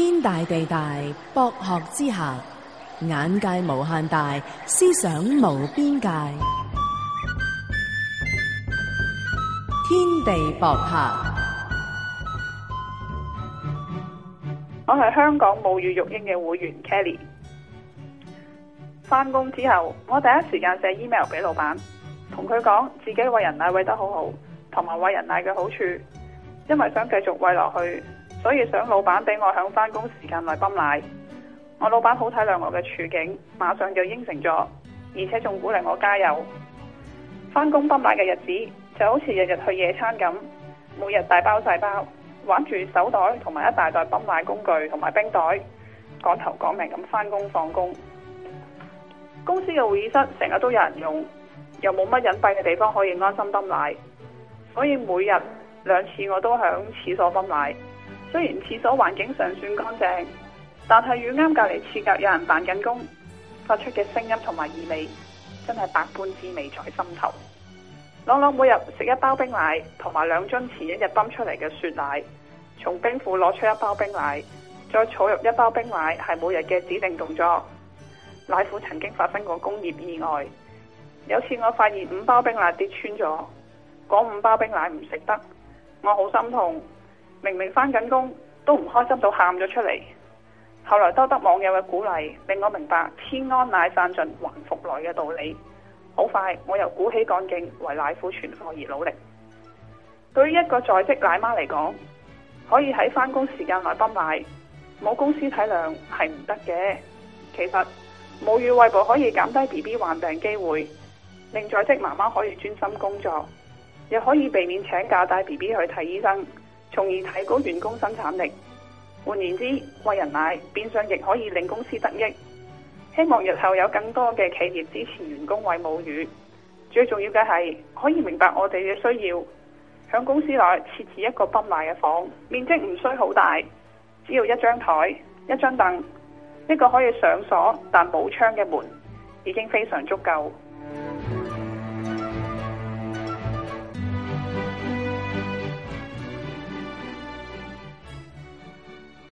天大地大，博學之下，眼界無限大，思想無邊界。天地博客，我係香港母乳育嬰嘅會員 Kelly。翻工之後，我第一時間寫 email 俾老闆，同佢講自己餵人奶餵得好好，同埋餵人奶嘅好處，因為想繼續餵落去。所以想老闆俾我響翻工時間內泵奶，我老闆好體諒我嘅處境，馬上就應承咗，而且仲鼓勵我加油。翻工泵奶嘅日子就好似日日去野餐咁，每日大包細包，玩住手袋同埋一大袋泵奶工具同埋冰袋，趕頭趕命咁翻工放工。公司嘅會議室成日都有人用，又冇乜隱蔽嘅地方可以安心泵奶，所以每日兩次我都響廁所泵奶。雖然廁所環境尚算乾淨，但係與啱隔籬廁格有人辦緊工，發出嘅聲音同埋異味，真係百般滋味在心頭。朗朗每日食一包冰奶，同埋兩樽前一日泵出嚟嘅雪奶，從冰庫攞出一包冰奶，再坐入一包冰奶，係每日嘅指定動作。奶庫曾經發生過工業意外，有次我發現五包冰奶跌穿咗，嗰五包冰奶唔食得，我好心痛。明明返緊工，都唔開心到喊咗出嚟。後來多得網友嘅鼓勵，令我明白天安奶散盡還復來嘅道理。好快我又鼓起幹勁，為奶庫存貨而努力。對於一個在職奶媽嚟講，可以喺返工時間內泵奶，冇公司體諒係唔得嘅。其實母乳餵哺可以減低 B B 患病機會，令在職媽媽可以專心工作，又可以避免請假帶 B B 去睇醫生。從而提高員工生產力。換言之，喂人奶變相亦可以令公司得益。希望日後有更多嘅企業支持員工喂母乳。最重要嘅係可以明白我哋嘅需要，響公司內設置一個泵奶嘅房，面積唔需好大，只要一張台、一張凳、一個可以上鎖但冇窗嘅門，已經非常足夠。